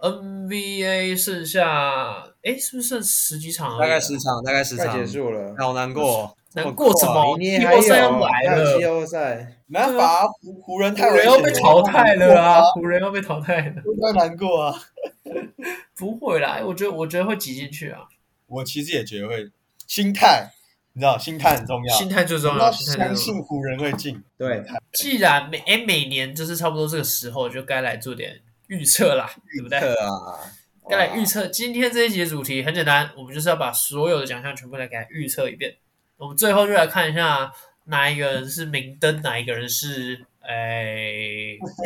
NBA 剩下哎，是不是剩十幾場啊？大概十場，大概十場。結束了，好難過。難過什麼？季後賽要來了，季後賽。沒辦法，湖、湖、啊、人太危險了，湖人要被淘汰了啊！湖人要被淘汰了，太難過啊！ 不會啦，我覺得，我覺得會擠進去啊。我其實也覺得會。心態你知道，心態很重要，心態最重要。相信湖人會進，對。對，既然每、哎，每年就是差不多這個時候，就該來做點。預測啦，對不對？預測啊、來預測今天這一集的主題很簡單，我們就是要把所有的獎項全部來給它預測一遍。我們最後就來看一下哪一個人是明燈、 欸， 哪一個人是哎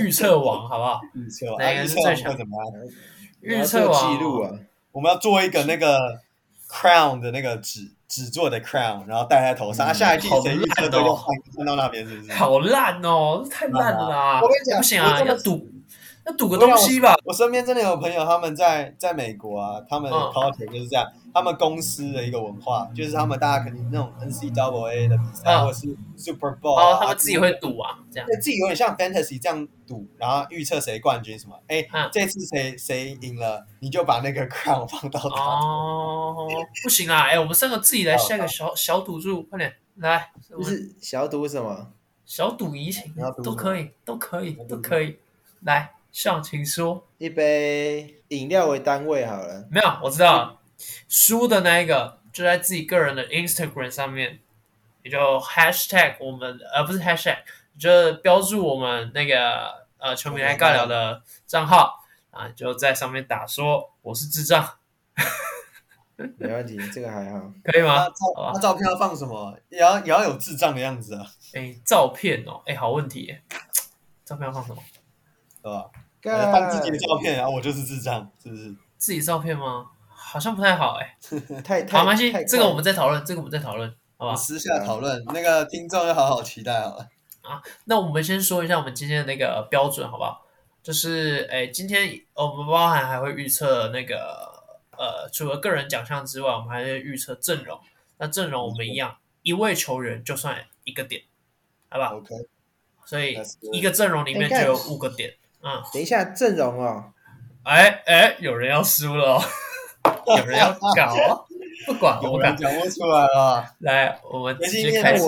預測王，好不好？預測王，哪一個人是最強？預測王，我們要做一個那個 crown 的那個紙紙做的 crown，然後戴在頭上。他、嗯、下一季誰預測的？換到那邊是不是？好爛哦，太爛了啦、嗯啊！我跟你講，不行啊，要賭。賭個東西吧！我，我身邊真的有朋友，他們在在美國啊，他們 culture 就是這樣，oh. 他們公司的一個文化就是他們大家肯定那種 N C Double A 的比賽、oh. 或者是 Super Bowl 啊，oh, 他們自己會賭啊，這樣自己有點像 Fantasy 這樣賭，然後預測誰冠軍什麼，哎、欸，oh. 這次誰誰贏了，你就把那個 crown 放到他哦，oh, 不行啊，哎、欸，我們三個自己來下個小、oh, 小，小賭注，快點來，不、就是小賭什麼？小賭怡情，都可以，都可以，嗯、都可以，來。像，情書一杯飲料為單位好了。沒有，我知道輸的那一個就在自己個人的 Instagram 上面，也就 Hashtag 我們，而、呃、不是 Hashtag，就標注我們那個呃球迷來尬聊的賬號，啊，就在上面打說我是智障， 沒問題，這個還好， 可以嗎？那照，照片要放什麼？也要也要有智障的樣子啊。哎、欸，照片哦，哎、欸，好問題，照片要放什麼？好、哦、吧？放、欸、自己的照片然後，我就是智障，是不是？自己照片嗎？好像不太好，哎、欸。 好，沒關係，這個我們在討論，這個我們在討論，好吧？私下討論、啊，那個聽眾要好好期待哦。啊，那我們先說一下我們今天的那個標準，好不好？就是，哎、欸，今天我們包含還會預測那個，呃，除了個人獎項之外，我們還會預測陣容。那陣容我們一樣，okay. 一位球員就算一個點，好不好？OK。所以一個陣容裡面就有五個點。Okay. 啊、嗯，等一下陣容哦！哎哎，有人要輸了、哦， 有人要搞哦！ 不管了，我敢。講不出來了，來，我們直接開始。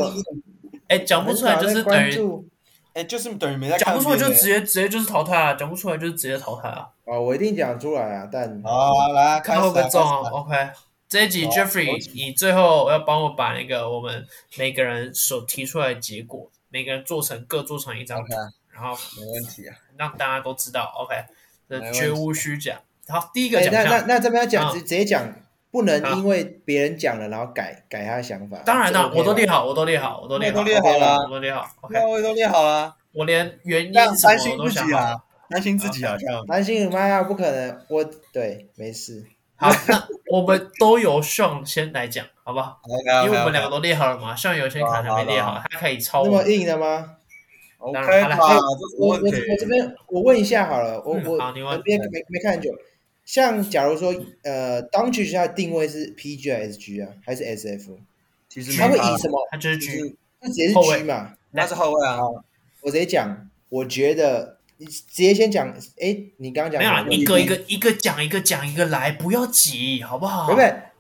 哎，講不出來就是等於哎、就是，就是等於沒在講不出來就直接直接就是淘汰啊，講不出來就是直接淘汰啊。啊、哦，我一定講出來啊！但好、哦，來，看後跟中，OK, okay.。這一集 Jeffrey，、哦、你最後要幫我把那個我們每個人手提出來的結果， 每個人做成各做成一張 o、okay, 然後沒問題啊。讓大家都知道，OK，那絕無虛假。好，第一個、欸、那那那這邊要講、啊，直直接講，不能因為別人講了然後改、啊、改他的想法。當然了、okay，我都列好，我都列好，我都列好、哦，我都列好了，我都列好，OK，我都列好啊、okay，我連原因什麼我都想好，擔心自己、啊星自己啊、好像，擔心你媽呀，不可能，我對，沒事。好，那我們都由炫先來講， 好不好？OK，因為我們兩個都列好了嘛，炫有些卡還沒列好，他可以抄。那麼硬的嗎？OK，好，我我我這邊我問一下好了，嗯、我、嗯、我我這邊沒沒看很久。像假如說，呃，當局下的定位是 PG 還是 SG 啊，還是 SF？其實他會以什麼？他就是 G，那直接是 G 嘛？位那是後衛啊。我直接講，我覺得你直接先講。誒，你剛剛講什麼沒有、啊、一個一個一個講一個講一個來，不要急，好不好？對不對？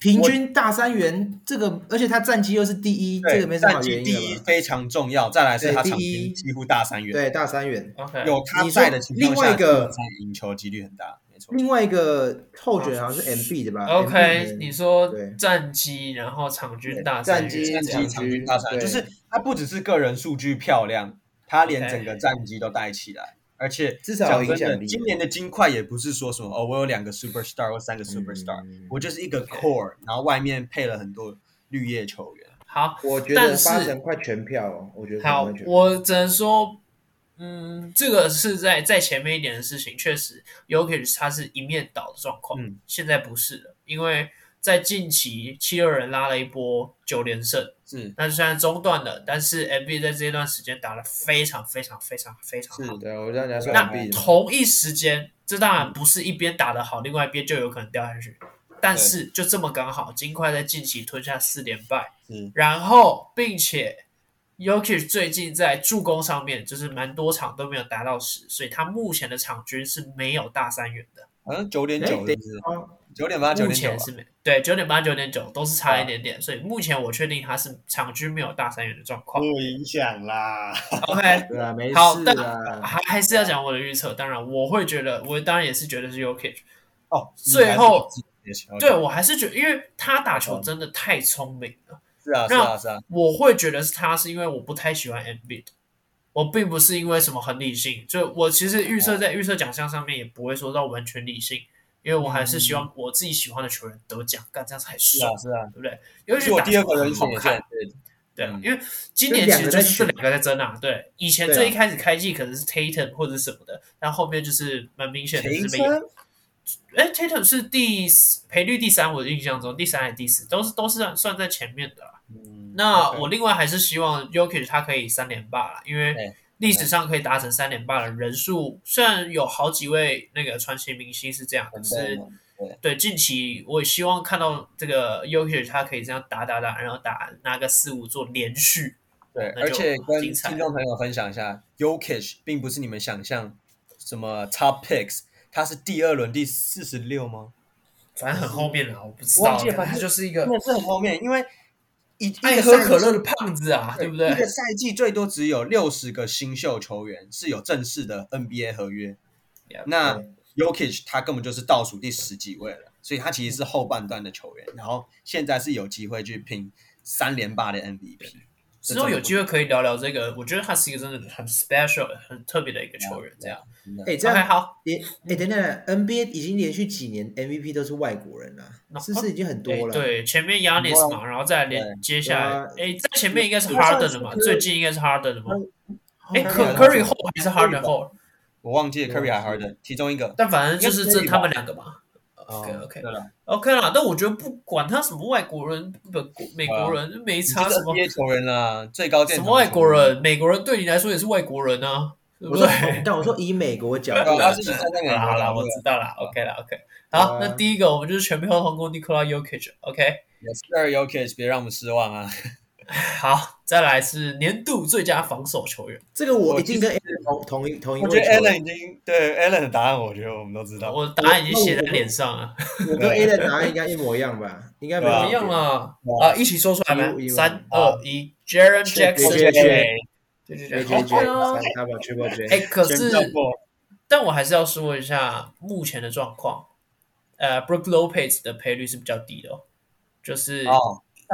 平均大三元，這個而且他戰績又是第一，這個沒什麼好原因的。戰績第一非常重要，再來是他場均幾乎大三元對第一。對，大三元，OK。有他在的情況下，另外一個贏球幾率很大，沒錯。另外一個後者好像是 MB 的吧、啊、？OK，你說戰績，然後場均大三元，戰績、戰績、場均大三元，就是他不只是個人數據漂亮，他連整個戰績都帶起來。Okay. 而且至少講真的今年的金塊也不是說什麼哦，我有兩個 superstar 或三個 superstar，、嗯、我就是一個 core，、okay. 然後外面配了很多綠葉球員。好，我覺得八成快，快，快全票，我覺得好。我只能說，嗯，這個是在在前面一點的事情，確實，尤其是它是一面倒的狀況。嗯，現在不是了，因為。在近期，七六人拉了一波九連勝，但是那雖然中斷了。但是，M B 在這段時間打得非常非常非常非常好。是的，我這樣講說，那同一時間，這當然不是一邊打得好、嗯，另外一邊就有可能掉下去。但是就這麼剛好，金塊在近期吞下四連敗。嗯，然後，並且 Jokic 最近在助攻上面就是蠻多場都沒有達到十，所以他目前的場均是沒有大三元的，好像九點九的九點八九點九，對，九點八九點九都是差一點點、啊，所以目前我確定它是場均沒有大三元的狀況，不影響啦。OK， 對、啊，沒事的。好，還還是要講我的預測，當然我會覺得，我當然也是覺得是 Jokic 哦，最後，瞧瞧對我還是覺得，因為他打球真的太聰明了。嗯、是，啊是啊，是啊，我會覺得是他，是因為我不太喜歡 MBIT 我並不是因為什麼很理性，就我其實預測在預測獎項上面也不會說到完全理性。因為我還是希望我自己喜歡的球員得獎，幹、嗯、這樣才爽、啊啊，對不對？尤其我第二個人很好看，對對、嗯。因為今年其實就是這兩個在爭啊，對。以前最一開始開季可能是 Tatum 或者什麼的、啊，但後面就是蠻明顯的是沒有，是被。哎 Tatum 是第四賠率第三，我的印象中第三還是第四，都是都是算算在前面的、啊嗯。那我另外還是希望 Jokic 他可以三連霸了，因為。歷史上可以達成三連霸的人數，雖然有好幾位那個傳奇明星是這樣，可是、嗯、對，對近期我也希望看到這個 Jokic，他可以這樣打打打，然後打拿個四五座連續。對，嗯、很精彩，而且跟聽眾朋友分享一下，Jokic 並不是你們想象什麼 Top Picks，他是第二輪第四十六嗎？反正很後面了，我不知道。我忘記反正就是一個，是很後面，因為。愛喝可樂的胖子啊，對不對？一個賽季最多只有六十個新秀球員是有正式的 NBA 合約，那 Jokic 他根本就是倒數第十幾位了，所以他其實是後半段的球員，然後現在是有機會去拼三連霸的 MVP、嗯。其實有機會可以聊聊這個，我覺得他是一個真的很 special 很特別的一個球員。嗯、這樣，哎、嗯嗯嗯欸，這還、Okay, 好。你、欸，哎、欸、等等，NBA 已經連續幾年 MVP 都是外國人了，其實已經很多了。欸、對，前面 Yannis 嘛，然，然後再連接下來，哎、欸，在前面應該是 Harden 的嘛，كر... 最近應該是 Harden 的嘛。哎、欸、Curry, Curry 還後排是 Harden 後，我忘記了 Curry 還 Harden，其中一個。但反正就是這他們兩個嘛。OK，OK OK 啦，okay，但我覺得不管他什麼外國人的美國人、啊、沒差什麼，葉球人啦、啊，最高殿堂什麼外國人美國人對你來說也是外國人呢、啊，對。但我說以美國角度，他是以那個好啦。我知道啦 OK 啦，OK 好。好、啊，那第一個我們就是全票通過，Nikola Jokic，OK。Nikola Jokic，別讓我們失望啊。 好，再來是年度最佳防守球員，這個我已經跟 Allen 同同一同一。我覺得 Allen 已經對 Allen 的答案，我覺得我們都知道。我答案已經寫在臉上了，我跟 Allen 答案應該一模一樣吧？應該不一樣啊。啊，一起說出來嗎？三二一，Jaren Jackson Jackson J J 三 J J J。哎，可是，但我還是要說一下目前的狀況。呃，Brook Lopez 的賠率是比較低的，就是。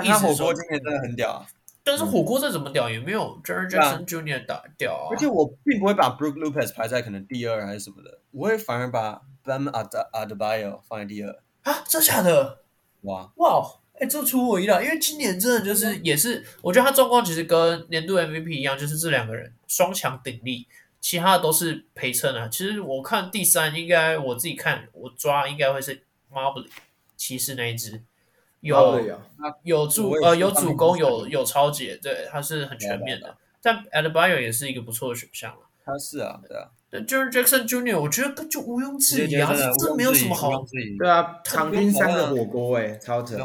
那火鍋今年真的很屌啊！但是火鍋再怎麼屌，嗯、也沒有 Jaren Jackson Junior 打屌啊！而且我並不會把 Brook Lopez 排在可能第二還是什麼的，我會反而把 Bam Ad Adebayo 放在第二啊！這下假的？哇哇！哎、wow, 欸，這出乎我意料，因為今年真的就是也是，我覺得他狀況其實跟年度 MVP 一樣，就是這兩個人雙強鼎立，其他的都是陪襯啊。其實我看第三應該，我自己看我抓應該會是 Mobley 騎士那一隻。有有助主呃有主攻有有超解，對他是很全面的。啊啊啊、但 Adebayo 也是一個不錯的選項。他是啊，對啊。那就是 Jackson Junior，我覺得就毋庸置疑啊，這沒有什麼好。對啊，唐冰山的、啊、火鍋哎、欸，超了。這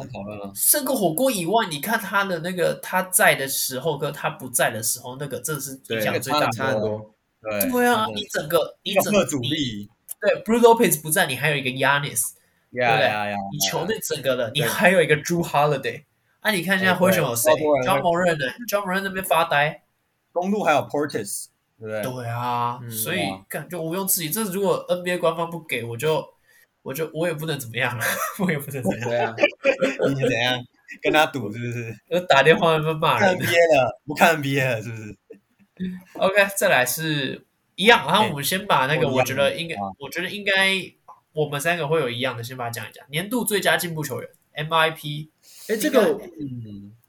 個火鍋以外，你看他的那個他在的時候跟他不在的時候，那個真是影響的最大，差很多對、啊對啊對啊。對啊，你整個、啊、你整個主力，對，Brook Lopez 不在，你還有一個 Giannis 對呀，你球隊資格了，你還有一個 Jrue Holiday。那、啊、你看現在灰熊有誰？Ja Morant 呢？Ja Morant 那邊發呆。中路還有 Portis，對對？對啊，嗯、所以感覺毋庸置疑。這如果 NBA 官方不給，我就我就我也不能怎麼樣， 我也不能怎麼樣。樣 你就怎樣跟他賭，是不是？就 打電話那邊罵人、啊。不看不看 NBA 了，是不是 ？OK，再來是一樣。然後我們先把那個，欸，我把那個我啊啊，我覺得應該，我覺得應該。我們三個會有一樣的，先把它講一講。年度最佳進步球員 MIP，哎、這個，這個，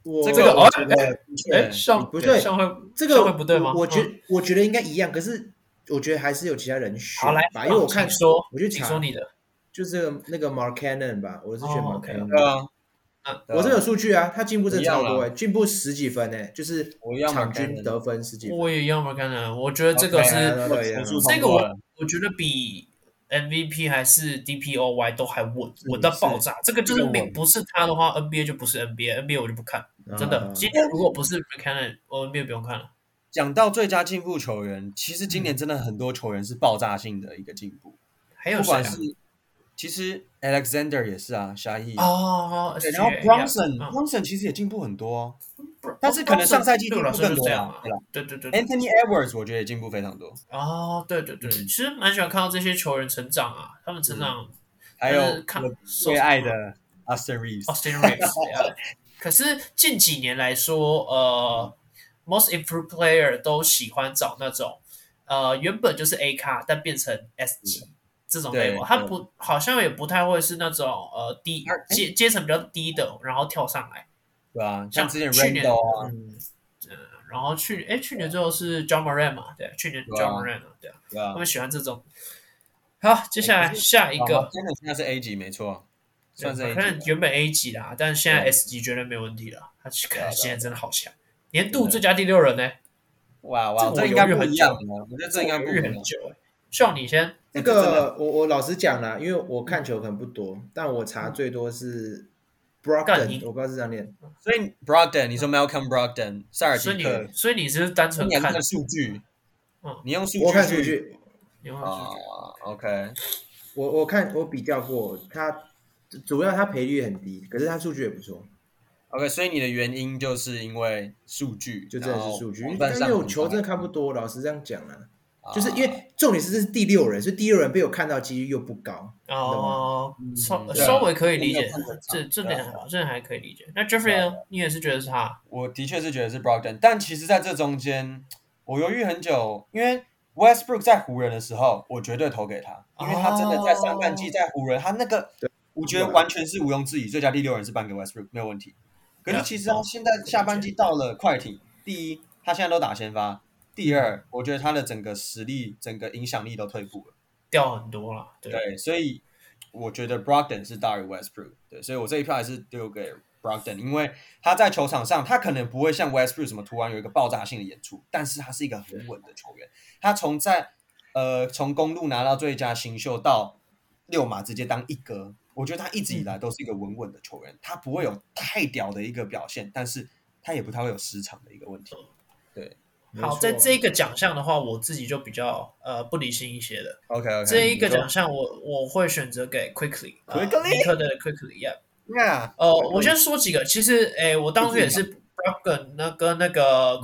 我這個，哎、哦，上不對，上回這個不對嗎？我，我覺、哦、我覺得應該一樣，可是我覺得還是有其他人選，來吧，因為我看說，我就請說你的，就是那個 Markkanen 吧，我是選 Markkanen，對啊我是有數據啊，他進步是超多，哎，進步十幾分呢，就是場均得分十幾分，我也要 Markkanen，我覺得這個是，這個我我覺得比。MVP 還是 DPOY 都還穩穩到爆炸是是，這個就是不是他的話，NBA 就不是 NBA，NBA NBA 我就不看、嗯，真的。今天如果不是 m c a n n 我 NBA 不用看了。講到最佳進步球員，其實今年真的很多球員是爆炸性的一個進步，嗯還有誰啊、不管是。其實 Alexander 也是啊，Shai 哦、嗯，然後 Brunson、嗯、Brunson 其實也進步很多、哦，但是可能上賽季進步更多啊。哦哦、對，就這樣啊對，對對對，對，Anthony Edwards 我覺得也進步非常多。哦，對對對，嗯、其實蠻喜歡看到這些球員成長啊，他們成長。嗯、還有看最愛的 Austin Reeves Austin Reeves、 啊。可是近幾年來說，呃、嗯、Most Improved Player 都喜歡找那種呃原本就是 A 咖但變成 S 級、嗯這種類目，他不好像也不太會是那種呃低階階層比較低的，然後跳上來。對啊，像之前去年啊，嗯，然後去哎、欸，去年最後是 John Moran 嘛，對，去年 John Moran，對、對、John Moran，對、對、對他們喜歡這種。好，接下來下一個真的應該是 A 級沒錯，算是看原本 A 級啦，但是現在 S 級絕對沒有問題了，他可能現在真的好強。年度最佳第六人呢、欸？哇哇，這應該預很久。我覺得這應該預很久、欸需要你先那、這個我，我我老實講啦、啊，因為我看球可能不多，但我查最多是 Brogdon，a 我不知道是這樣念，所以 Brogdon，a 你說 Malcolm Brogdon，a 塞、嗯、爾提克，所以你所以你是單純看數據，嗯，你用數據，我看數據，你用數據、哦、，OK，我我看我比較過它主要它賠率很低，可是它數據也不錯，OK，所以你的原因就是因為數據，就真的是數據，因為，因為我球真的看不多，老實這樣講啦、啊。就是因為重點是這是第六人，uh, 所以第六人被我看到幾率又不高。Uh, 哦，稍、嗯、稍微可以理解，這這點好像還可以理解。那 Jeffrey 你也是覺得是他？我的確是覺得是 Brogdon，但其實在這中間我猶豫很久，因為 Westbrook 在湖人的時候，我絕對投給他，因為他真的在上半季在湖人，oh, 他那個對我覺得完全是毋庸置疑，最佳第六人是頒給 Westbrook 沒有問題。可是其實他現在下半季到了快艇，第一他現在都打先發。第二，我覺得他的整個實力、整個影響力都退步了，掉很多了。對，對所以我覺得 Brogdon 是大於 Westbrook。對，所以我這一票還是丟給 Brogdon 因為他在球場上，他可能不會像 Westbrook 什麼突然有一個爆炸性的演出，但是他是一個很穩的球員。他從在呃從公路拿到最佳新秀到六馬直接當一哥，我覺得他一直以來都是一個穩穩的球員，嗯、他不會有太屌的一個表現，但是他也不太會有失常的一個問題。對。好，在這一個獎項的話，我自己就比較呃不理性一些的。OK，, okay 這一個獎項我我，我會選擇給 Quickley，Quickley 的 Quickley 啊、呃。Yeah，、呃 Quickley。我先說幾個，其實誒、欸，我當時也是 Brogdon 那跟那個、那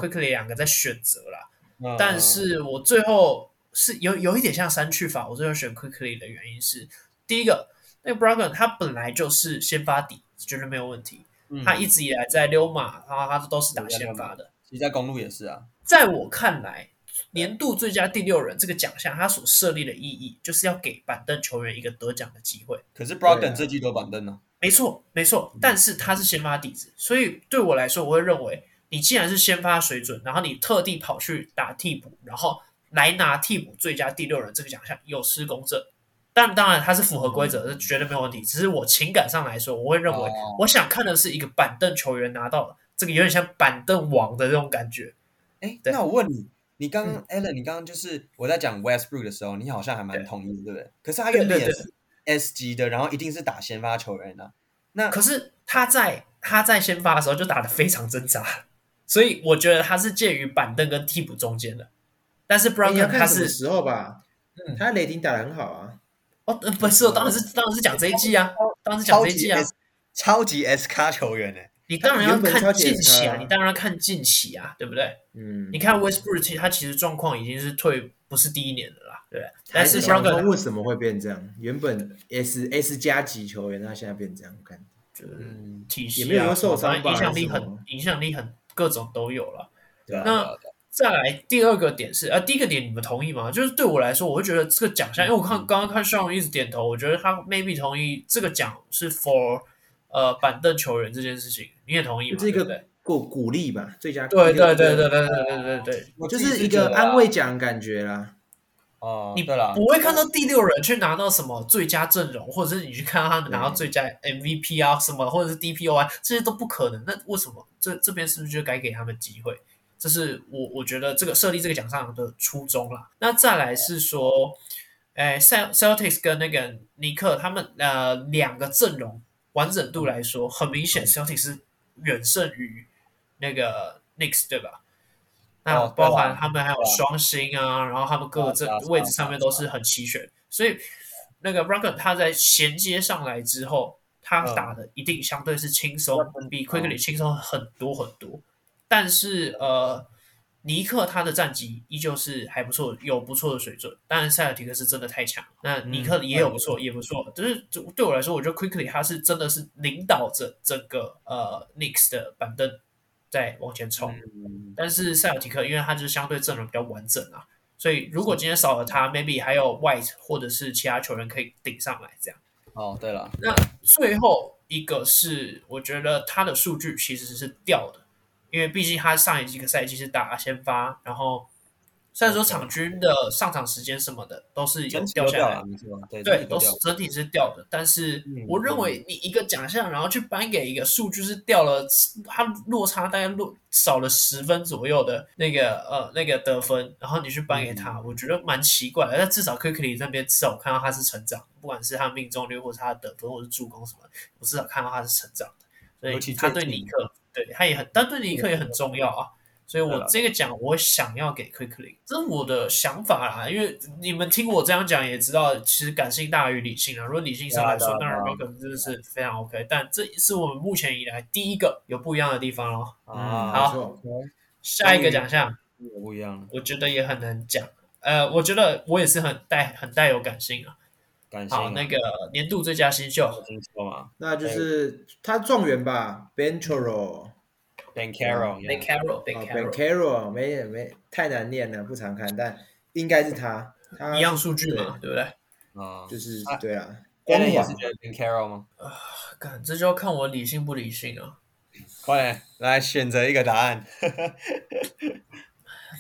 個、Quickley 兩個在選擇了、嗯，但是我最後是有有一點像刪去法，我最後選 Quickley 的原因是，第一個，那個 Brogdon 他本來就是先發底，絕對沒有問題，嗯、他一直以來在溜馬，他他都是打先發的，嗯嗯、其在公鹿也是啊。在我看來，年度最佳第六人這個獎項，他所設立的意義就是要給板凳球員一個得獎的機會。可是 Brogdon 這季個板凳呢？沒錯，沒錯。但是他是先發底子，所以對我來說，我會認為你既然是先發水準，然後你特地跑去打替補，然後來拿替補最佳第六人這個獎項，有失公正。但當然，他是符合規則，這、嗯、絕對沒有問題。只是我情感上來說，我會認為，我想看的是一個板凳球員拿到了這個有點像板凳王的這種感覺。哎，那我問你，你剛剛，Allen，、嗯、你剛剛就是我在講 Westbrook 的時候，你好像還蠻同意，對不對？可是他原本也是 S 級的，對對對對，然後一定是打先發球員的、啊。那可是他在他在先發的時候就打的非常掙扎，所以我覺得他是介於板凳跟替補中間的。但是 Brogdon 他是的、欸、時候吧，嗯，他雷霆打的很好啊。哦，不是、哦，我當時當然是講這一季啊，當時講這一季啊，超級 S, 超級 S 卡球員呢、欸。你當然要看近期啊，啊，你當然要看近期啊，嗯、對不對？嗯，你看 Westbrook 他其實狀況已經是退不是第一年了啦，對，不對？但是香港為什麼會變這樣？嗯、原本 S S 加級球員，他現在變這樣，感覺就是、嗯啊、也沒有說受傷影響、啊、力很影響力很各種都有了。對啊、那對、啊對啊對啊、再來第二個點是啊、呃，第一個點你們同意嗎？就是對我來說，我會覺得這個獎項，嗯、因為我看剛剛看肖勇、嗯、一直點頭，我覺得他 maybe 同意、嗯、這個獎是 for。呃，板凳球員這件事情你也同意吧？這個鼓鼓勵吧，最佳鼓勵。對對對對對對對對，就是一個安慰獎感覺啦。哦、呃，你不會看到第六人去拿到什麼最佳陣容，或者是你去看到他們拿到最佳 MVP 啊，什麼或者是 DPO 啊，這些都不可能。那為什麼這這邊是不是就該給他們機會？這是我我覺得這個設立這個獎項的初衷啦。那再來是說，哎，Celtics 跟那個尼克他們呃兩個陣容。完整度來說，很明顯 Celtics 是遠勝於那個 Knicks 對吧？哦、那包含他們還有雙星啊、哦，然後他們各個這位置上面都是很齊全、哦，所以那個 Brogdon 他在銜接上來之後，他打的一定相對是輕鬆，嗯、比 Quickley 輕鬆很多很多。但是呃。尼克他的戰績依舊是還不錯，有不錯的水準。當然塞爾提克是真的太強，那尼克也有不錯、嗯，也不錯、嗯。就是對我來說，我覺得 Quickley 他是真的是領導着這個呃 Knicks 的板凳在往前衝、嗯。但是塞爾提克，因為他就是相對陣容比較完整啊，所以如果今天少了他，maybe 還有 White 或者是其他球員可以頂上來這樣。哦，對了，那最後一個是我覺得他的數據其實是掉的。因為畢竟他上一個賽季是打先發，然後雖然說場均的上場時間什麼的、Okay. 都是已經掉下來的了。對，都，都是整體是掉的。但是我認為你一個獎項，嗯、然後去頒給一個數據是掉了，他落差大概落少了十分左右的那個呃那個得分，然後你去頒給他，嗯、我覺得蠻奇怪的。但至少 k i 庫里那邊至少看到他是成長，不管是他的命中率，或者是他的得分，或者是助攻什麼，我至少看到他是成長的。所以他對你一個。他也很，但對尼克也很重要啊，所以我這個獎我想要給 Quickley，這是我的想法啊，因為你們聽我這樣講也知道，其實感性大於理性啊。如果理性上來說，當然 m 可能真的是非常 OK，但這是我們目前以來第一個有不一樣的地方哦。好，下一個獎項也不一樣，我覺得也很難講。呃，我覺得我也是很帶很帶有感性啊。啊、好，那個年度最佳新秀，那就是他狀元吧、哎、，Ben Carol，Ben Carol，Ben Carol，Ben、哦、Carol，Carol -caro,。沒太難念了，不常看，但應該是他，他一樣數據嘛，對，對不對？啊、嗯，就是啊對啊，觀眾也是覺得 Ben Carol 嗎？啊、呃，這就要看我理性不理性了、啊。 快點來選擇一個答案。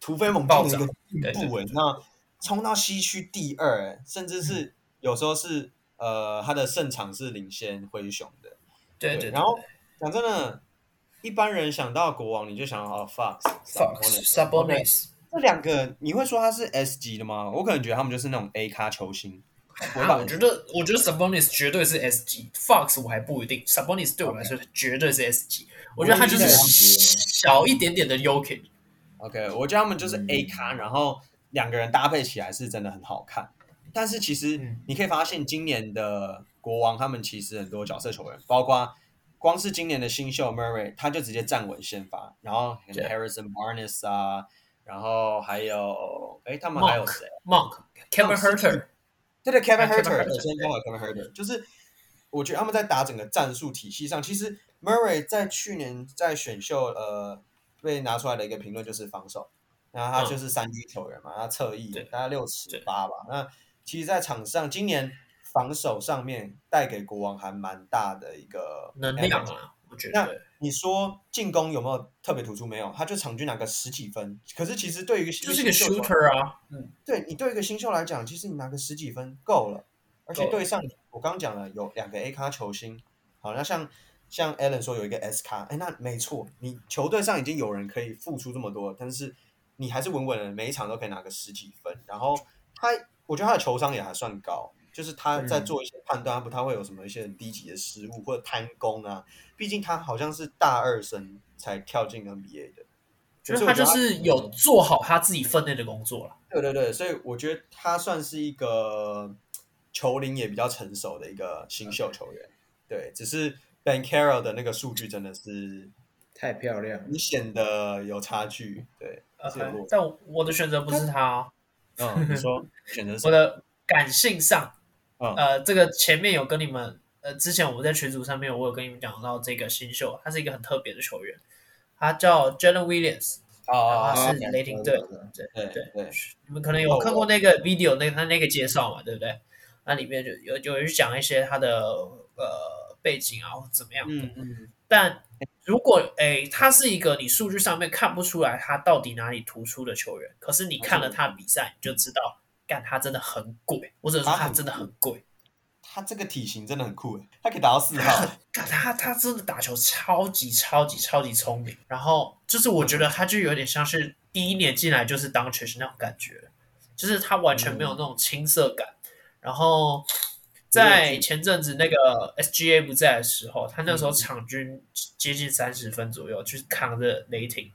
突飛猛進的一個不穩、欸，對對對對對對，那衝到西區第二、欸，甚至是有時候是呃，他的勝場是領先灰熊的。對對，然後講真的，一般人想到國王，你就想啊 Fox Fox Sabo、okay, nis 這兩個，你會說他是 S 級的嗎？我可能覺得他們就是那種 A 咖球星。我覺得我，、啊、我覺得 Sabonis 絕對是 S 級，Fox 我還不一定。Sabonis 對我來說絕對是 S 級，okay. 我覺得他就是 S 級小一點點的 Jokic。嗯 OK，我覺得他們就是 A 咖、嗯，然後兩個人搭配起來是真的很好看。但是其實你可以發現，今年的國王他們其實很多角色球員，包括光是今年的新秀 Murray，他就直接站穩先發，然後 Harrison、yeah. Barnes 啊，然後還有哎，他們還有誰？啊、Monk，Monk, Kevin Herter，對對，Kevin Herter，好 Kevin、yeah. Kevin Herter，就是我覺得他們在打整個戰術體系上，其實 Murray 在去年在選秀呃。被拿出來的一個評論就是防守，那他就是三 D 球員嘛，嗯，他側翼大概六尺八吧。那其實，在場上今年防守上面帶給國王還蠻大的一個、MT、能量、啊。我覺得，那你說進攻有沒有特別突出？沒有，他就場均拿個十幾分。可是其實對於新，這、就是一個 shooter 啊。嗯，對你對一個新秀來講、嗯，其實你拿個十幾分夠了，而且對上我剛，剛講了有兩個 A 咖球星。好，那像。像 Alan 說有一個 S 咖，哎，那沒錯，你球隊上已經有人可以付出這麼多，但是你還是穩穩的每一場都可以拿個十幾分。然後他，我覺得他的球商也還算高，就是他在做一些判斷，他不他會有什麼一些很低級的失誤或者貪功啊？畢竟他好像是大二生才跳進 NBA 的，就是他，他就是有做好他自己分內的工作了。對對對，所以我覺得他算是一個球齡也比較成熟的一個新秀球員。Okay. 對，只是。Ben Carroll 的那個數據真的是太漂亮，你顯得有差距。對，okay, 但我的選擇不是他、哦。 嗯，你說 選擇？是我的感性上、嗯，呃，這個前面有跟你們，呃，之前我們在群組上面，我有跟你們講到這個新秀，他是一個很特別的球員，他叫 Jalen Williams，啊、oh,，是雷霆隊的，對對對。你們可能有看過那個 video，那、oh, 他那個介紹嘛，對不對？那裡面就有有人講一些他的呃。背景啊，怎麼樣的？嗯嗯、但如果誒、欸，他是一個你數據上面看不出來他到底哪裡突出的球員，可是你看了他的比賽，你就知道，啊、幹他真的很鬼很，或者說他真的很鬼。他這個體型真的很酷誒，他可以打到四號。幹他，他真的打球超級超級超級聰明。然後就是我覺得他就有點像是第一年進來就是當時那種感覺，就是他完全沒有那種青澀感、嗯。然後。在前陣子那個 SGA 不在的時候，他那時候場均接近三十分左右，就是扛着雷霆。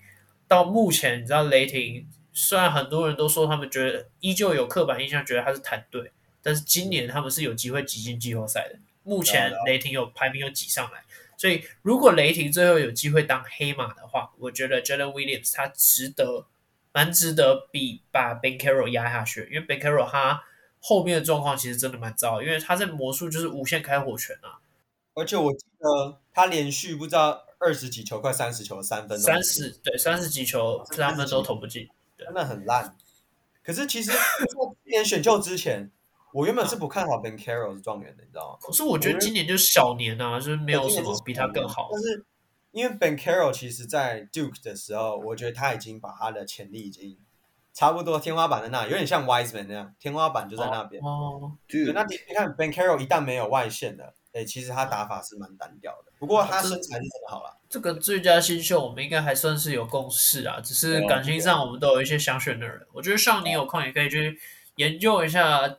到目前，你知道雷霆雖然很多人都說他們覺得依舊有刻板印象，覺得他是團隊，但是今年他們是有機會擠進季後賽的。目前雷霆有排名有擠上來，所以如果雷霆最後有機會當黑馬的話，我覺得 Jalen Williams 他值得，蠻值得比把 Banchero 壓下去，因為 Banchero 他。後面的狀況其實真的蠻糟的，因為他在魔術就是無限開火權啊，而且我記得他連續不知道二十幾球快三十球三分，三十對三十幾球，三分都投不進，真的很爛。可是其實， 在今年選秀之前，我原本是不看好 Banchero 是狀元的，你知道嗎？可是我覺得今年就是小年啊，就是沒有什麼比他更好的。但是因為 Banchero 其實在 Duke 的時候，我覺得他已經把他的潛力已經。差不多，天花板在那，有點像 Wiseman 那樣，天花板就在那邊。哦、oh, oh, oh.。對，那你看 Ben Carroll 一旦沒有外線了，其實他打法是蠻單調的。不過他身材是很好啦、啊。這個最佳新秀，我們應該還算是有共識啊。只是感情上，我們都有一些想選的人。Oh, okay. 我覺得上你有空也可以去研究一下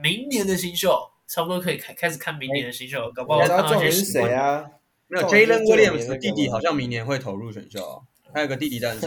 明年的新秀，差不多可以開開始看明年的新秀，搞不好看到一是喜啊？沒有 Jalen Williams 的弟弟好像明年會投入選秀、哦嗯，他有個弟弟在 N B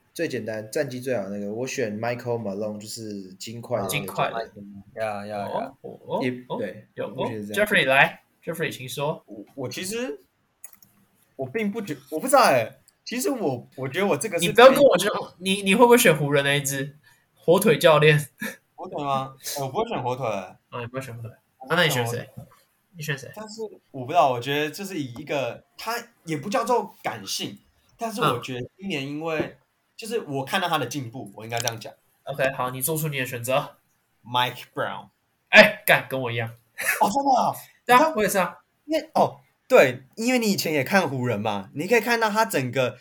最簡單戰績最好那個，我選 Michael Malone，就是金塊金塊要要要一個。你、yeah, yeah, yeah. oh, oh, yeah, oh, 對，有、oh, oh. Jeffrey 來，Jeffrey 請說。我我其實我並不覺得，我不知道哎。其實我我覺得我這個是，你不要跟我說。你你會不會選湖人那一只火腿教練？火腿嗎？我不會選火腿。啊、 哦，也不會選火腿,選火腿。啊，那你選誰？你選誰？但是我不知道，我覺得這是以一個，它也不叫做感性，但是我覺得今年因為、嗯。就是我看到他的進步，我應該這樣講。OK，好，你做出你的選擇，Mike Brown。哎、欸，幹，跟我一樣，哦、真的， 對啊，我也是啊。因為哦，對，因為你以前也看湖人嘛，你可以看到他整個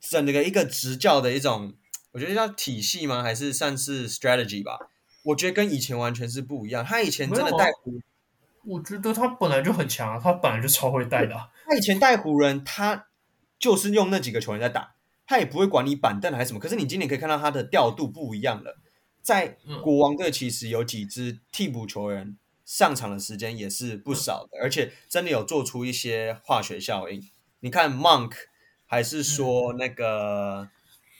整個一個執教的一種，我覺得叫體系嗎？還是算是 strategy 吧？我覺得跟以前完全是不一樣。他以前真的帶湖我覺得他本來就很強、啊，他本來就超會帶的。他以前帶湖人，他就是用那幾個球員在打。他也不會管你板凳還是什麼，可是你今天可以看到他的調度不一樣了。在國王隊，其實有幾支替補球員、嗯、上場的時間也是不少的，而且真的有做出一些化學效應。你看 Monk，還是說那個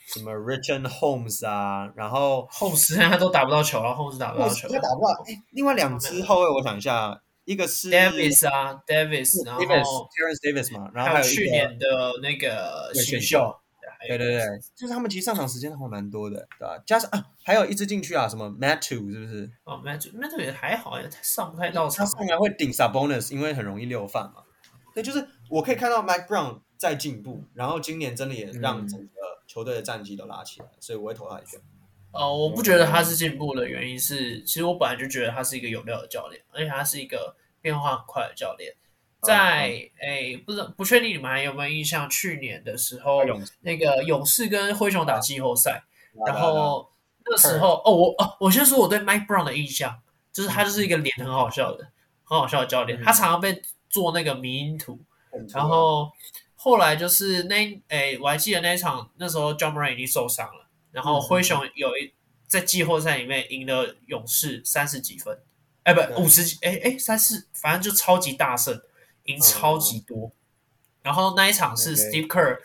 什麼 Richaun Holmes 啊，然後 Holmes、啊、他都打不到球了，然後 Holmes 打不到球了，為打不到。欸、另外兩支後衛，我想一下，oh, 一個是 Davis 啊 Davis，Davis，然後 Terence Davis 嘛，然後還有去年的那個選秀。對對對，就是他們其實上場時間的話蠻多的，對吧？加上啊，還有一支進去啊，什麼 Metu 是不是？哦，Metu Metu 也還好，也上不太到，他上來會頂 Sabonis，因為很容易六犯嘛。對，就是我可以看到 Mike Brown 在進步，然後今年真的也讓整個球隊的戰績都拉起來，嗯、所以我會投他一票。哦，我不覺得他是進步的原因是，其實我本來就覺得他是一個有料的教練，而且他是一個變化很快的教練。在誒、欸，不知道，不確定你們還有沒有印象？去年的時候，嗯、那個勇士跟灰熊打季後賽、嗯嗯，然後那時候、嗯嗯，哦，我哦，我先說我對 Mike Brown 的印象，就是他就是一個臉很好笑的、嗯、很好笑的教練、嗯，他常常被做那個迷因圖。嗯、然後後來就是那誒、欸，我還記得那一場，那時候 Ja Morant 已經受傷了，然後灰熊有一、嗯、在季後賽裡面贏了勇士三十幾分，哎、欸，不五十幾，哎、欸、哎、欸，三四，反正就超級大勝。贏超級多、嗯，然後那一場是 Steve Kerr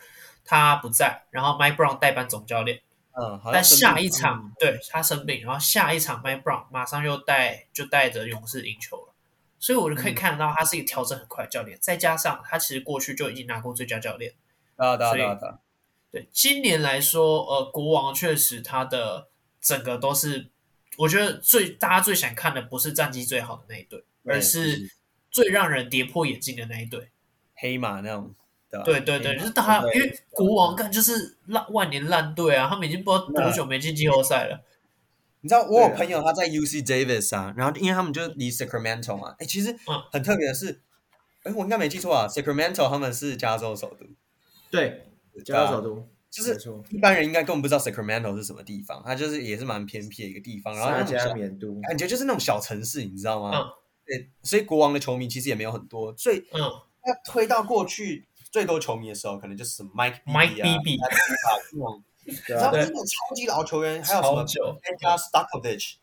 他不在、嗯，然後 Mike Brown 代班總教練。嗯，但下一場、嗯、對他生病、嗯，然後下一場 Mike Brown 馬上又帶就帶着勇士贏球了，所以我就可以看得到他是一個調整很快的教練、嗯。再加上他其實過去就已經拿過最佳教練。啊，好的好的。對，今年來說，呃，國王確實他的整個都是我覺得最，大家最想看的不是戰績最好的那一隊，而是。最讓人跌破眼鏡的那一隊，黑馬那種，對對對，對，就是他，因為國王幹就是爛萬年爛隊啊，他們已經不知道多久沒進季後賽了。你知道我有朋友他在 UC Davis 啊，然後因為他們就離 Sacramento 啊，哎、欸，其實很特別的是，哎、嗯欸，我應該沒記錯啊，Sacramento 他們是加州首都，對、啊，加州首都，就是一般人應該根本不知道 Sacramento 是什麼地方，它就是也是蠻偏僻的一個地方，然後都感覺就是那種小城市，你知道嗎？嗯所以國王的球迷其實也沒有很多，最嗯，要推到過去最多球迷的時候，可能就是什麼 Mike Mike Bibby，你知道這種超級老球員 還有什麼 a s Stakovich，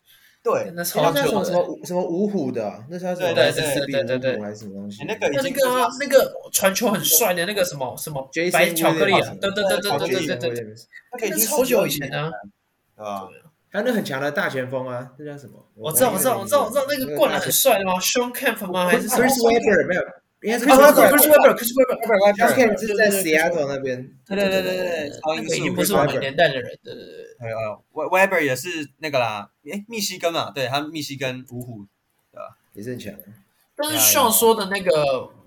對，Enters, 對對對 Enters, 那超久的，什麼什麼五虎的，那在是超久的，對對對對，還是什麼東西？那個那個、啊、那個傳球很帥的那個什麼什麼、Jackson、白巧克力，對對對對對，對對對對對對對，那超已經久以前的，對對啊。那很強的大前鋒啊，那的啊叫什麼我？我知道，我知道，我知道，我知道那個灌的、啊、很帥的嗎、那個？Shawn Kemp 嗎？還是、欸、Chris Webber？沒有，啊，他叫 Chris Webber，Chris Webber，Webber，Webber，Kemp 是在 Seattle 那邊。對對對對對，對對對對，超英雄，你不是我們年代的人。對對對，還有 Webber 也是那個啦，誒，密西根嘛，對他們，密西根，五虎，對吧？也是很強。但是像說的那個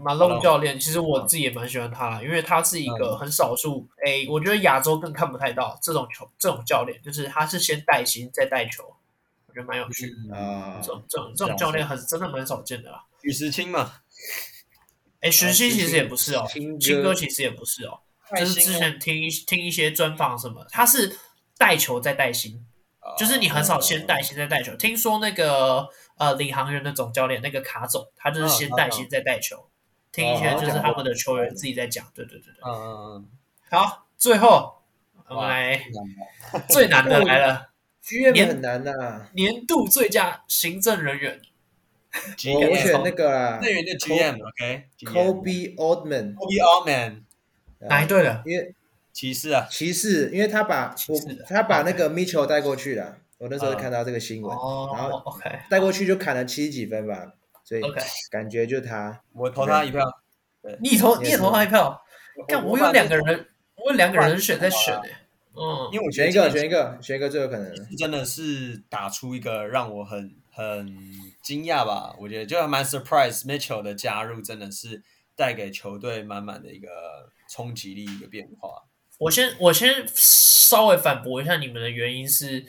馬龍教練，其實我自己也蠻喜歡他啦、嗯，因為他是一個很少數。哎、嗯欸，我覺得亞洲更看不太到這種球、這種教練，就是他是先帶薪再帶球，我覺得蠻有趣的、嗯嗯。這種、這種、這種教練很、嗯、真的蠻少見的啦。許時清嘛，哎、欸，許昕其實也不是哦、喔，新歌其實也不是哦、喔啊，就是之前聽聽一些專訪什麼，他是帶球再帶薪。就是你很少先帶、oh, okay. 先帶心再帶球，聽說那個呃領航員的總教練那個卡總，他就是先帶、oh, okay. 先帶心再帶球，聽一些就是他們的球員自己在講，oh, okay. 對對對對，嗯、uh, 好，最後我們來最難，最難的來了、oh,，G M 很難的、啊，年度最佳行政人員，oh, 我 M，選那個那員的 G M，OK，Kobe Oldman，Kobe Oldman，哪一隊的？騎士啊！騎士，因為他把、啊、我他把那個 Mitchell 帶過去了。Okay. 我那時候看到這個新聞，oh, 然後帶過去就砍了七十幾分吧。Oh, okay. 所以感覺就他，okay. 我投他一票。你投你也投他一票。但我有兩個人，我有兩個人選在選。嗯，因為我選一個，選一個，選一個,選一個最有可能。真的是打出一個讓我很很驚訝吧？我覺得就還蠻 surprise Mitchell 的加入，真的是帶給球隊滿滿的一個衝擊力，一個變化。我先我先稍微反駁一下你們的原因是，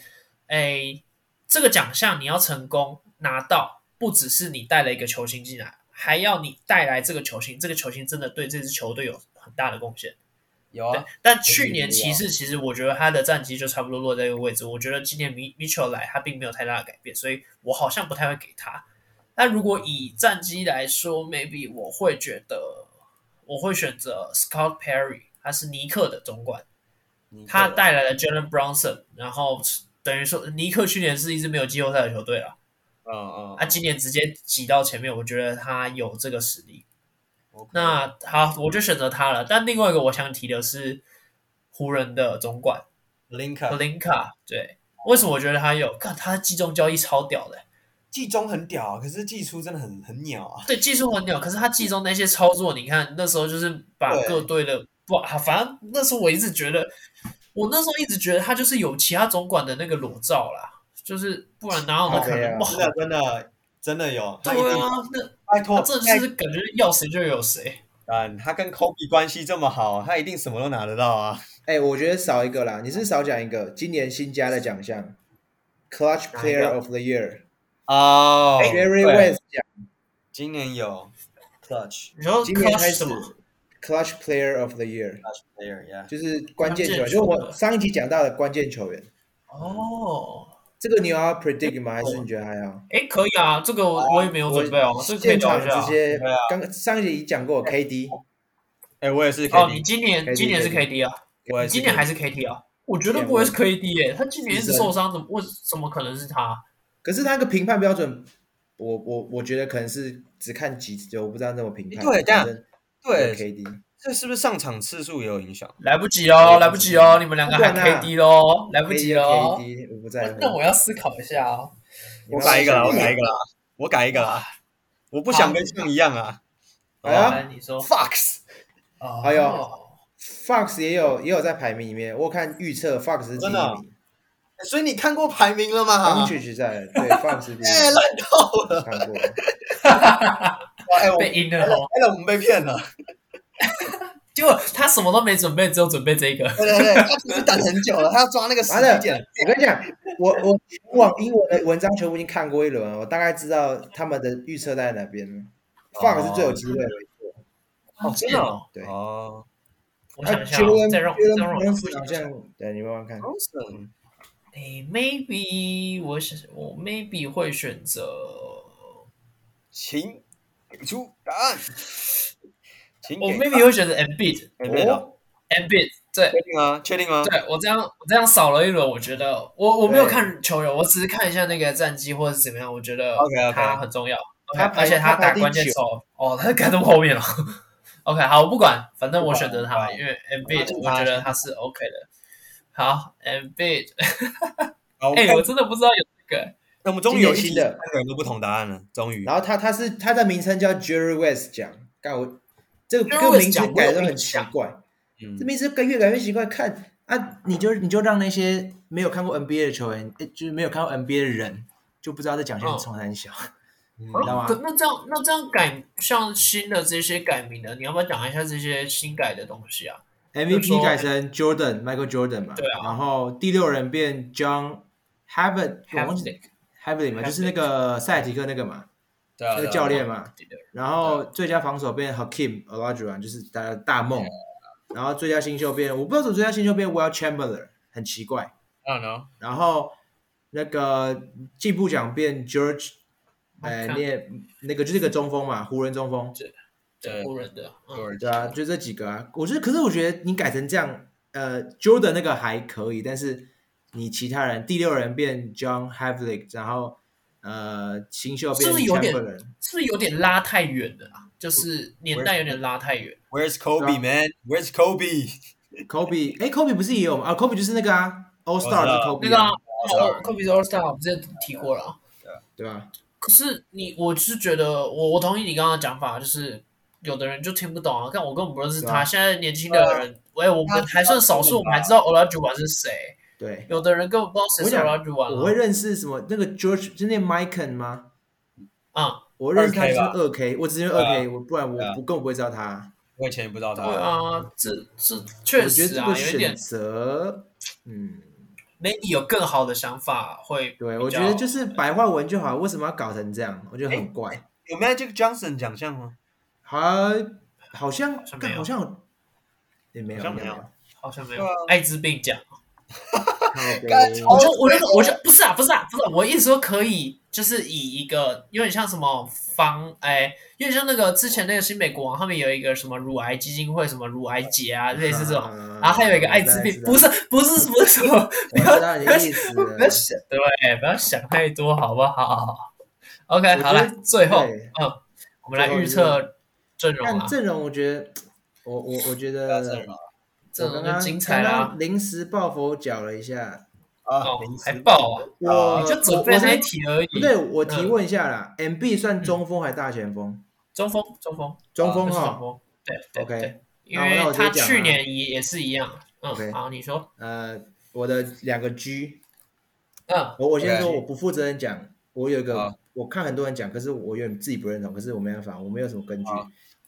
哎，這個獎項你要成功拿到，不只是你帶了一個球星進來，還要你帶來這個球星，這個球星真的對這支球隊有很大的貢獻。有啊，但去年騎士其實我覺得他的戰績就差不多落在這個位置，我覺得今年米米切爾來他並沒有太大的改變，所以我好像不太會給他。那如果以戰績來說，maybe 我會覺得我會選擇 Scott Perry。他是尼克的總管，他帶來了 Jalen Brunson，然後等於說尼克去年是一支沒有季後賽的球隊了，嗯嗯、啊啊，他今年直接擠到前面，我覺得他有這個實力。嗯、那好，我就選擇他了、嗯。但另外一個我想提的是湖人的總管林卡林卡，對，為什麼我覺得他有？看他的季中交易超屌的、欸，季中很屌，可是季初真的很很鳥啊。對，季初很鳥，可是他季中那些操作，嗯、你看那時候就是把各隊的。哇，反正那時候我一直覺得，我那時候一直覺得他就是有其他總管的那個裸照啦，就是不然哪有那可能、okay, yeah.？真的真的真的有，對啊，那拜托，這是感覺要誰就有誰。嗯，他跟 Kobe 關係這麼好，他一定什麼都拿得到啊。哎、欸，我覺得少一個啦，你是少講一個今年新加的獎項，Clutch Player of the Year。哦 Jerry West, West 獎，今年有 Clutch，然後今年是什麼？Clutch Player of the Year，Clutch Player，yeah，就是關鍵球員鍵，就我上一集講到的關鍵球員。哦，這個你要 predict 嗎？哦、還是你覺得還好？哎，可以啊，這個我我也沒有準備哦，是、啊這個、現場直接。剛上一集一講過、啊、K D，哎、欸，我也是 K D。哦、oh,，你今年今年是 K D 啊？我今年還是 K D 啊？我覺得不會是 K D，哎，他今年是受傷，怎麼怎麼可能是他？可是那個評判標準，我我我覺得可能是只看幾次，我不知道怎麼評判。對，對對、KD，這是不是上場次數也有影響？來不及哦，來不及哦，你們兩個還 KD 咯、啊，來不及哦。KD, KD 我不在乎我，那我要思考一下哦。我改一個啦，我改一個啦，我改一個啦、啊，我不想跟象一樣啊。啊？哎、你說？Fox？還有、哎、Fox 也有也有在排名裡面，我看預測 Fox 是第一名、嗯。所以你看過排名了嗎？剛確實在對，Fox 第一名。哎、欸，亂套了。看過。 哎、我被陰了哎哎哎，哎，我們被騙了。結 果他什麼都沒準備，只有準備這個。對對對，他其實等很久了， 他要抓那個時間。我跟你講， 我我,我往英文的文章全部已經看過一輪，我大概知道他們的預測在哪邊。Uh, 放是最有機會的。Uh, oh, 的哦，真的？對哦。我想想，uh, 再,讓 uh, 再讓我試試、uh, 再讓我想，對，你慢慢看。哎、awesome. 嗯、，maybe 我想，我 maybe 會選擇秦。給出答案，我 maybe 會選擇 Mbit，Mbit，Mbit，確定嗎？確定嗎？對，我這樣，我這樣掃了一輪，我覺得我我沒有看球友，我只是看一下那個戰績或者是怎麼樣，我覺得他很重要 o、okay, okay. okay, 而且他打關鍵球，球，哦，他跟那麼後面了 ，OK，好，我不管，反正我選擇他，因為 Mbit，、嗯、我覺得他是 OK 的，嗯、好，Mbit，哎、okay. 欸，我真的不知道有這個。那我們終於有新的，兩個人不同答案了。終於。然後他他是他的名稱叫 Jerry West 獎，但我這個歌名字改的都很奇怪，嗯，這名字改越改越奇怪。看啊，你就你就讓那些沒有看過 NBA 的球員，就是沒有看過 NBA 的人，就不知道在講些什麼。從、哦、小，你知道嗎？啊、那這樣那這樣改像新的這些改名的，你要不要講一下這些新改的東西啊？MVP 改成 Jordan Michael Jordan 嘛，對、啊、然後第六人變 John h a v e n 海沃德。Heavily 嘛，Heavily, 就是那個塞爾提克那個嘛，那個教練嘛。然後最佳防守變 Hakeem Olajuwon，就是大大夢。然後最佳新秀變我不知道怎麼最佳新秀變 Wilt Chamberlain，很奇怪。然後那個進步獎變 George，哎，你也那個就是一個中鋒嘛，湖人中鋒。對，湖人的、嗯。對啊，就這幾個啊。我覺得，可是我覺得你改成這樣，呃，Jordan 那個還可以，但是。你其他人第六人變 John Havlicek，然後呃新秀是不是有點是不是有點拉太遠了就是年代有點拉太遠。Where's Kobe、yeah. man？Where's Kobe？Kobe，誒、欸、Kobe 不是也有嗎、啊、？Kobe 就是那個啊，All Star 的 Kobe、啊、那個啊、oh,，Kobe 的 All Star 我們之前提過了，對啊，對啊。可是你我是覺得我我同意你剛剛的講法，就是有的人就聽不懂啊，但我根本不認識他。So. 現在年輕的人，uh, 喂，我們還算少數，我們還知道 Olajuwon 是誰。對，有的人根本不知道我想關、啊、我會認識什麼那個 George，就是那 Mikan 嗎？啊、嗯，我認識他是 2K，、嗯、我只有 2K，我不然我不更、啊、不會知道他，我以前也不知道他。啊，嗯、這這確實啊，個選有點折。嗯 maybe 有更好的想法會對。對，我覺得就是白話文就好，為什麼要搞成這樣？我覺得很怪。欸、有 Magic Johnson 獎項嗎？還好像，好像更好像好像也沒有，好像沒有，沒有沒有好像沒有、啊、艾滋病獎。哈 我，、okay. 我就我就我就不是啊，不是啊，不是、啊。我意思說可以，就是以一個有點像什麼方，哎、欸，有點像那個之前那個新美國，王，後面有一個什麼乳癌基金會，什麼乳癌節啊，類似這種、嗯。然後還有一個艾滋病、嗯，不是不是不是，不是什麼，不要想， 對，不要想太多，好不好？OK，好了，最後，嗯，我們來預測陣容啊。陣容我我我，我覺得，我我我覺得。這了剛剛精彩啦！臨時抱佛腳了一下啊，還抱啊！我就準備那一題而已。不對，我提問一下啦。嗯、M B 算中鋒還是大前鋒？中鋒，中鋒，中鋒號、啊就是啊。對,對，OK。因為他去年也也是一樣。OK，、啊嗯、好，你說。呃，我的兩個 G。我、嗯、我先說，我不負責任講、嗯。我有一個、嗯，我看很多人講，可是我有自己不認同，可是我沒辦法，我沒有什麼根據。嗯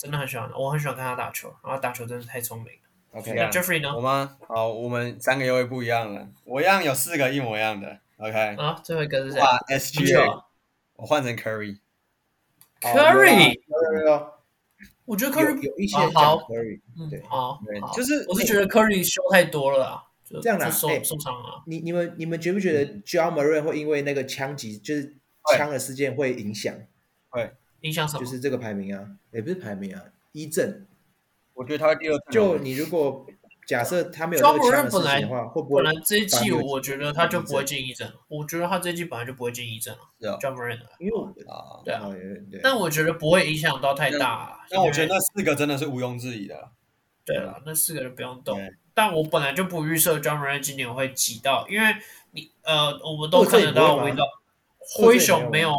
真的很喜歡，我很喜歡看他打球，然後他打球真的太聰明了 OK，Jeffrey、okay, 呢？我嗎？好，我們三個又會不一樣了。我一樣有四個一模一樣的。OK。啊，最後一個是誰 SGA、啊？我換成 Curry。Curry、哦。Curry, 我覺得 Curry 有，有，有一些 Curry，、啊好，對嗯啊、對好，對好，就是我是覺得 Curry 收、欸、太多了啦。這樣、啊這欸、啦，哎，你你們你們覺不覺得 Ja Morant 會因為那個槍擊就是槍的事件會影響？會。影響什麼？就是這個排名啊，也、欸、不是排名啊，一陣。我覺得他第二。就你如果假設他沒有這個槍的事情的話，或、啊、本，本來這一季我覺得他就不會進一陣，我覺得他這季本來就不會進一陣了。對啊，Ja Morant，因為啊，對啊，啊對，但我覺得不會影響到太大、啊。但我覺得那四個真的是毋庸置疑的。對了、啊啊，那四個人不用動。但我本來就不預設 Ja Morant 今年會擠到，因為你呃，我們都看得到，灰到灰熊沒有。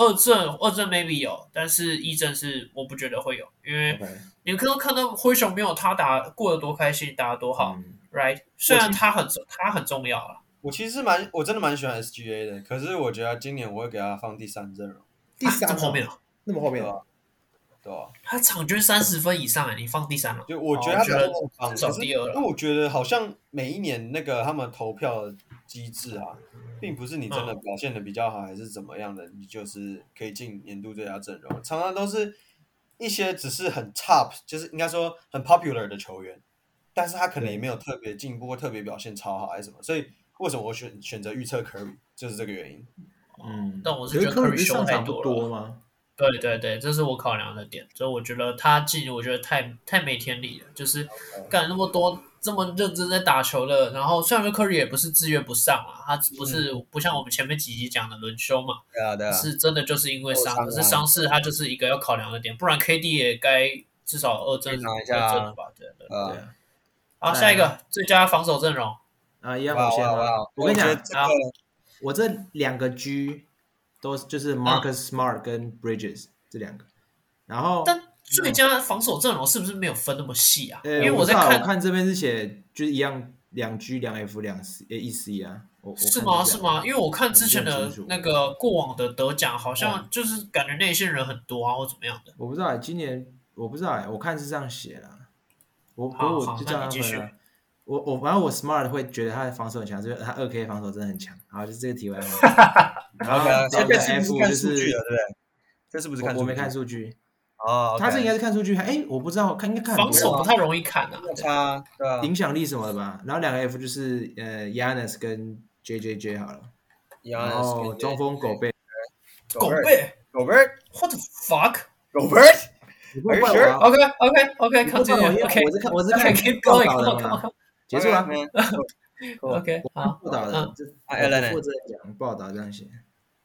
二陣，二陣 maybe 有，但是一陣是我不覺得會有，因為你可能看到灰熊沒有他打過得多開心，打得多好、okay.，right？雖然他很他很重要了、啊，我其實蠻我真的蠻喜歡 SGA 的，可是我覺得今年我會給他放第三陣容，第、啊、三後面,、啊、麼後面那麼後面對啊，他場均三十分以上你放第三嘛，就我覺得他可能放放第二，因為我覺得好像每一年那個他們投票的機制啊，並不是你真的表現的比較好還是怎麼樣的，嗯、你就是可以進年度最佳陣容。常常都是一些只是很 top，就是應該說很 popular 的球員，但是他可能也沒有特別進步，或特別表現超好還是什麼。所以為什麼我選選擇預測 Curry 就是這個原因。嗯，但我是覺得 Curry 上場不多嗎？對對對，這是我考量的點，所以我覺得他進我覺得太太沒天理了，就是幹那麼多這麼認真在打球的，然後雖然說柯瑞也不是自願不上啊，他不是不像我們前面幾集講的輪休嘛，嗯嗯啊啊、是真的就是因為傷，可是傷勢他就是一個要考量的點，不然 KD 也該至少二陣拿一、啊、了吧，對、啊嗯、對對、啊。好，下一個最佳防守陣容啊，保險 wow, wow, wow. 我跟你講啊，我這兩個 G。都就是 Marcus Smart 跟 Bridges、嗯、這兩個，然後但最佳防守陣容是不是沒有分那麼細啊？誒，因為我在看，我我看這邊是寫就是一樣兩 G 兩 F 兩 C 一 C 啊我，是嗎、啊我？是嗎？因為我看之前的那個過往的得獎好像就是感覺內線人很多啊、嗯，或怎麼樣的。我不知道，今年我不知道哎，我看是這樣寫的，我我我就這樣繼續。我我反正我 smart 會覺得他的防守很強，就是他 2K 防守真的很強。好，就這個題外話。然後兩個 f 就是，對不對？這是不是看我沒看數據？哦，他這應該是看數據。哎，我不知道，看應該看。防守不太容易看吶。他影響力什麼的吧。然後兩個 f 就是呃，Giannis 跟 JJJ 好了。然後中鋒狗背，狗狗背。Gobert，what the fuck？Gobert？OK OK OK，看進去 OK。結束了、啊 okay, 嗯哦。OK，好、嗯嗯，報答的，負責講報答這樣行。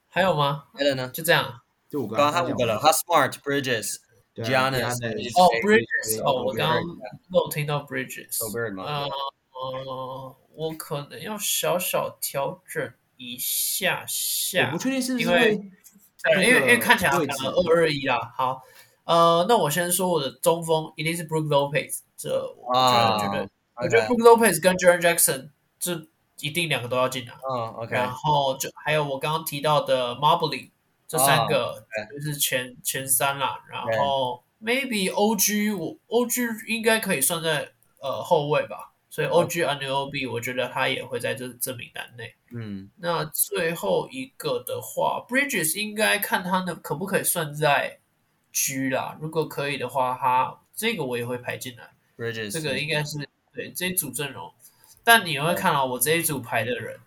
還有嗎，還有呢？就這樣，第五個，剛剛他五個了。How smart Bridges Giannis 哦，Bridges，,、啊 Giannis, oh, Bridges 哦，我剛剛沒有聽到 Bridges。呃，uh, uh, 我可能要小小調整一下下。是是因為因為,、這個、因,為因為看起來好像二二一啦。好，呃、uh,，那我先說我的中鋒一定是 Brooke Lopez，這我覺得、wow. 我覺得 Brook Lopez 跟 Jaren Jackson 這一定兩個都要進來。嗯、oh,，OK。然後就還有我剛剛提到的 Mobley 這三個、oh, okay. 就是前前三啦。然後、okay. maybe OG 我 OG 應該可以算在呃後衛吧，所以 OG and、okay. OB 我覺得他也會在這這名單內。嗯、mm.，那最後一個的話，Bridges 應該看他能可不可以算在 G 啦，如果可以的話，他這個我也會排進來。Bridges 這個應該是。對，這一組陣容，但你會看到我這一組牌的人，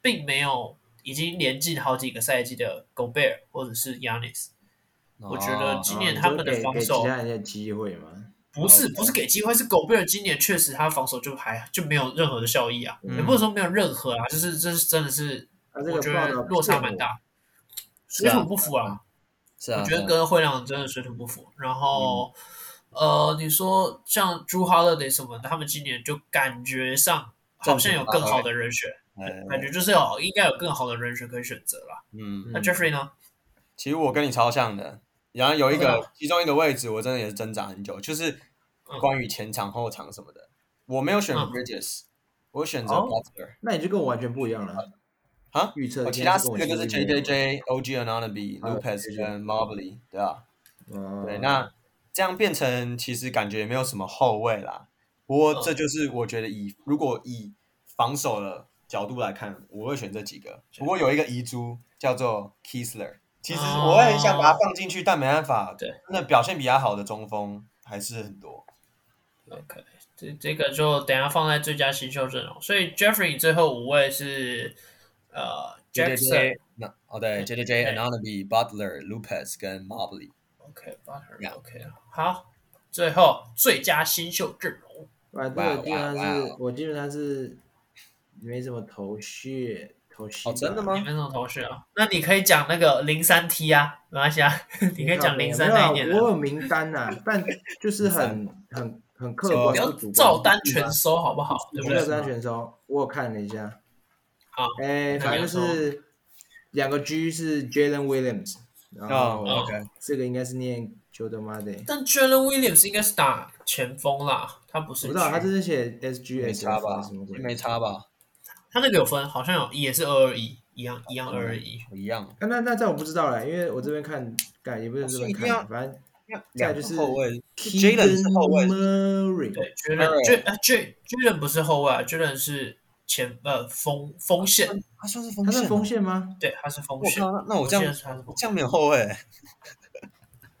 並沒有已經連進好幾個賽季的 Gobert 或者是 Yanis。哦、我覺得今年他們的防守、哦嗯，不是，不是給機會，是 Gobert 今年確實他防守就還就沒有任何的效益啊，嗯、也不能說沒有任何啊，就是這、就是真的是、啊，我覺得落差蠻大，啊、水土不服啊，啊啊我覺得跟灰狼真的水土不服，然後。嗯呃，你說像朱哈勒得什麼的？他們今年就感覺上好像有更好的人選，啊、感覺就是哦，應該有更好的人選可以選擇吧。嗯，那 Jeffrey 呢？其實我跟你超像的，然後有一個、哦、其中一個位置，我真的也是掙扎很久，就是關於前場後場什麼的。嗯、我沒有選 Bridges，、嗯、我選擇 Buster、哦。那你就跟我完全不一樣了哈、啊，預測我、哦、其他四個就是 J J J O G Anunoby Lopez 跟 Mobley 對吧、啊嗯啊嗯？對，那。這樣變成其實感覺也沒有什麼後衛啦。不過這就是我覺得以如果以防守的角度來看，我會選這幾個。不過有一個遺珠叫做 Kissler，其實我也很想把它放進去，但沒辦法。對，那表現比較好的中鋒還是很多。OK，這這個就等下放在最佳新秀陣容。所以 Jeffrey 最後五位是呃，J J 那哦對，J J Anunoby Butler Lopez 跟 Mobley OK，Butler OK。好，最後最佳新秀陣容。我、wow, wow, wow. 基本上是，我基本上是沒什麼頭緒。頭緒。哦、oh,，真的嗎？沒什麼頭緒啊？那你可以講那個零三 T 啊，沒關係啊，你可以講零三那一年有、啊、我有名單啊，但就是很 很很客觀。你要照單全收，好不好？照單全收，我有看了一下。好，哎、欸，反正就是兩個 G 是 Jalen Williams，、哦、然後、哦、OK，這個應該是念。但 Jalen Williams 應該是打前鋒啦，他不是。不知道，他這是寫 SGA 吧？什麼鬼？沒差吧？他那個有分，好像有，也是二二一，一樣，一樣二二一，一樣。那那在我不知道了，因為我這邊看，蓋也不是這邊看、啊，反正兩、就是、後衛。Jalen 是後衛。對，Jalen、uh, Jalen Jalen 不是後衛、啊、Jalen 是前呃鋒鋒線。他，他是鋒線、啊、線嗎？對，他是鋒線。我靠，那那我這樣這樣沒有後衛。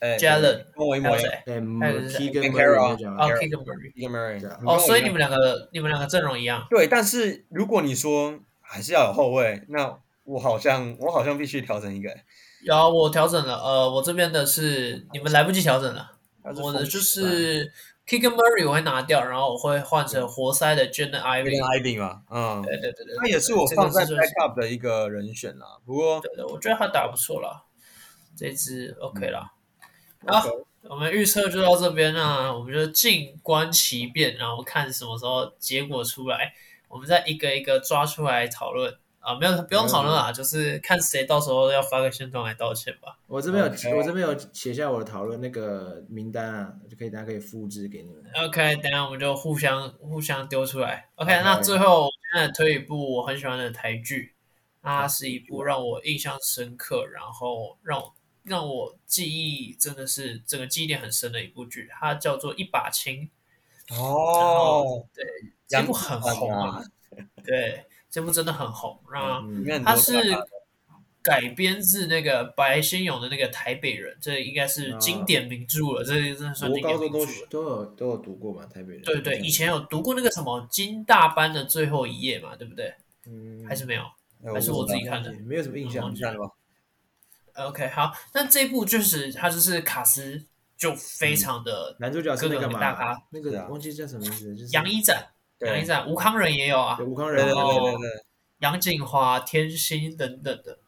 誒、hey,，Jalen，Kegan 誰？還有誰？哦、oh,，Keegan Murray。哦，所以你們兩個、嗯，你們兩個陣容一樣。對，但是如果你說還是要有後衛，那我好像，我好像必須調整一個。有、啊，我調整了。呃，我這邊的是、啊、你們來不及調整了。整了我的就是 Keegan Murray 我會拿掉，然後我會換成活塞的 Jaden Ivey 嘛，嗯，對對對，那也是我放在 backup 的一個人選啦。不過，對的，我覺得他打不錯啦，這次 OK 啦。Okay. 好，我們預測就到這邊啦，啊，我們就靜觀其變，然後看什麼時候結果出來，我們再一個一個抓出來討論。啊，沒有不用討論啊， 就是看誰到時候要發個宣傳來道歉吧。我這邊有，okay. 我這邊有寫下我的討論那個名單啊，就可以大家可以複製給你們。OK，等下我們就互相互相丟出來。OK，okay. 那最後現在推一部我很喜歡的台劇，它是一部讓我印象深刻，然後讓我。讓我記憶真的是整個記憶點很深的一部劇，它叫做《一把青》哦，對，這部很紅啊、嗯，對，這部真的很紅，讓它是改編自那個白先勇的那個《台北人》，這應該是經典名著了，這真的算經典名著了我都都，都有都有讀過嘛，《台北人》對對，以前有讀過那個什麼金大班的最後一夜嘛，對不對？還是沒有，還是我自己看的，沒有什麼印象，你看了嗎？OK，好，那這一部就是他就是卡斯，就非常的，男主角是那個大咖，那個、啊、忘記叫什麼名字，就是楊一展，楊一展，吳慷仁也有啊，吳慷仁，楊謹華、天心等等的，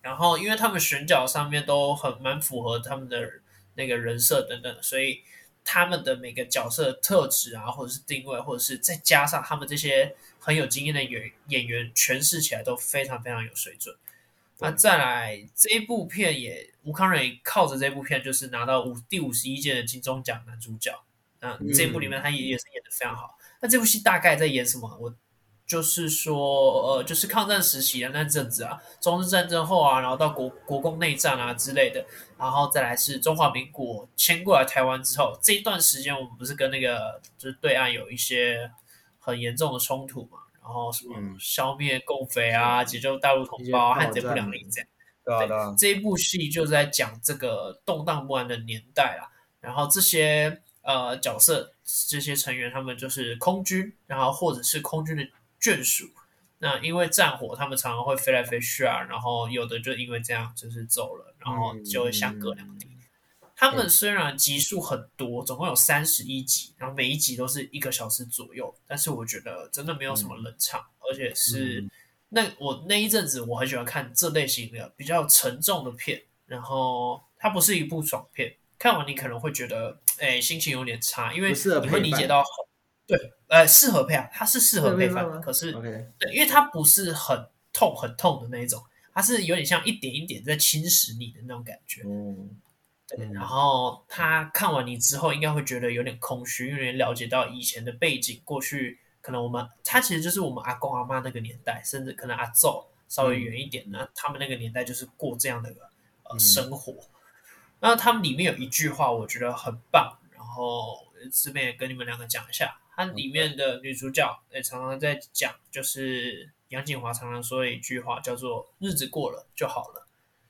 然後因為他們選角上面都很蠻符合他們的那個人設等等的，所以他們的每個角色的特質啊，或者是定位，或者是再加上他們這些很有經驗的演演員詮釋起來都非常非常有水準。那再來這一部片也吳慷仁靠着這一部片就是拿到五第五十一屆的金鐘獎男主角，那這一部裡面他也是演得非常好。嗯、那這部戲大概在演什麼？我就是說，呃，就是抗戰時期的那陣子啊，中日戰爭後啊，然後到國國共內戰啊之類的，然後再來是中華民國遷過來台灣之後這一段時間，我們不是跟那個就是對岸有一些很嚴重的衝突嘛？然後什麼消滅共匪啊、嗯，解救大陸同胞、啊，漢賊不兩立，這樣。對，這一部戲就是在講這個動盪不安的年代啊。然後這些呃角色，這些成員他們就是空軍，然後或者是空軍的眷屬。那因為戰火，他們常常會飛來飛去啊。然後有的就因為這樣就是走了，然後就相隔兩地。嗯他們雖然集數很多，Okay. 總共有三十一集，然後每一集都是一個小時左右，但是我覺得真的沒有什麼冷場，嗯、而且是，嗯、那我那一陣子我很喜歡看這類型的比較沉重的片，然後它不是一部爽片，看完你可能會覺得哎、欸、心情有點差，因為你會理解到很、不適合配飯、對呃適合配啊，它是適合配飯，可是，對、對、對、因為它不是很痛很痛的那一種，它是有點像一點一點在侵蝕你的那種感覺。嗯然後他看完你之後，應該會覺得有點空虛，因為了解到以前的背景，過去可能我們他其實就是我們阿公阿媽那個年代，甚至可能阿祖稍微遠一點呢，他們那個年代就是過這樣的呃生活、嗯。那他們裡面有一句話，我覺得很棒，然後這邊也跟你們兩個講一下，它裡面的女主角也常常在講，就是、嗯、楊謹華常常說一句話叫做“日子過了就好了”。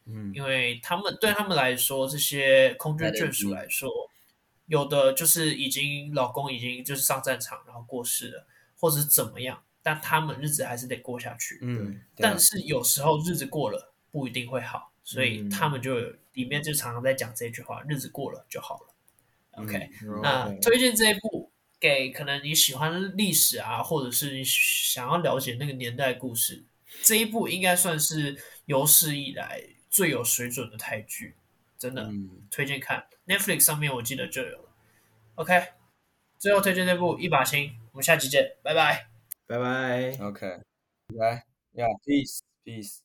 嗯， 因為他們對他們來說，這些空軍眷屬來說， 有的就是已經老公已經就是上戰場然後過世了，或者是怎麼樣，但他們日子還是得過下去。嗯， 但是有時候日子過了不一定會好，所以他們就 裡面就常常在講這句話：日子過了就好了。OK， 那 okay. 推薦這一部給可能你喜歡歷史啊，或者是你想要了解那個年代故事，這一部應該算是有史以來。最有水準的台劇，真的、嗯、推薦看。Netflix 上面我記得就有了。OK，最後推薦那部《一把青》，我們下集見，拜拜，拜拜。OK，來 yeah，Yeah，peace，peace Peace。